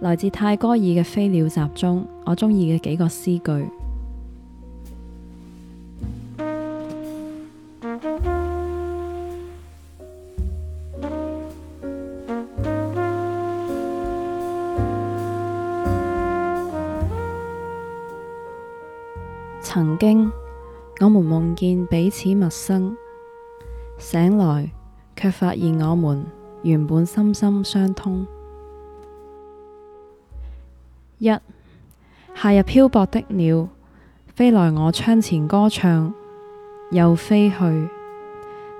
來自泰戈爾嘅《飛鳥集》中，我鍾意嘅幾個詩句：曾經，我們夢見彼此陌生，醒來卻發現我們原本心心相通。一夏日漂泊的鳥，飛來我窗前歌唱，又飛去。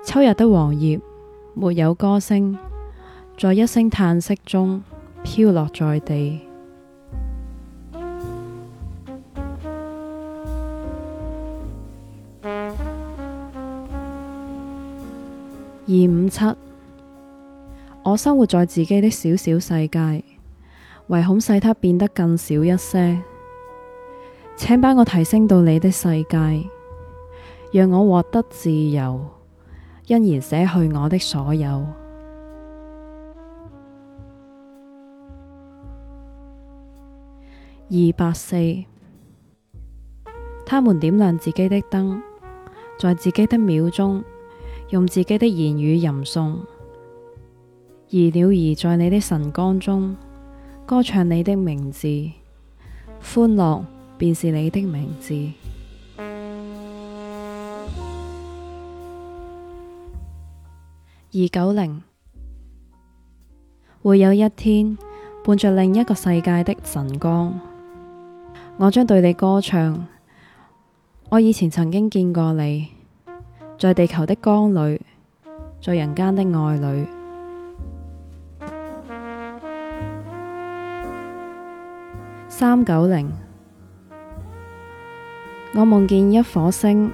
秋日的黃葉，沒有歌聲，在一聲嘆息中飄落在地。二五七，我生活在自己的小小世界。唯恐使它變得更小一些，請把我提升到你的世界，讓我獲得自由，因而捨去我的所有。二八四，他們點亮自己的燈，在自己的廟中用自己的言語吟誦，而鳥兒在你的晨光中。歌唱你的名字，歡樂便是你的名字。二九零，會有一天伴着另一個世界的晨光，我將對你歌唱。我以前曾經見過你，在地球的光裏，在人間的愛裏。三九零，我夢見一顆星，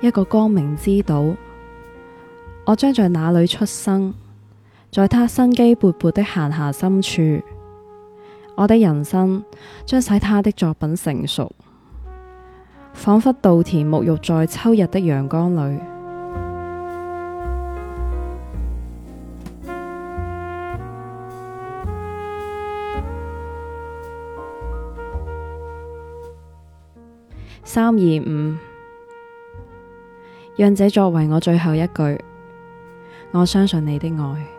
一個光明之島。我將在哪裡出生，在他生機勃勃的閒暇深處。我的人生將使他的作品成熟，仿佛稻田沐浴在秋日的陽光裡。三二五，讓這作為我最後一句，我相信你的愛。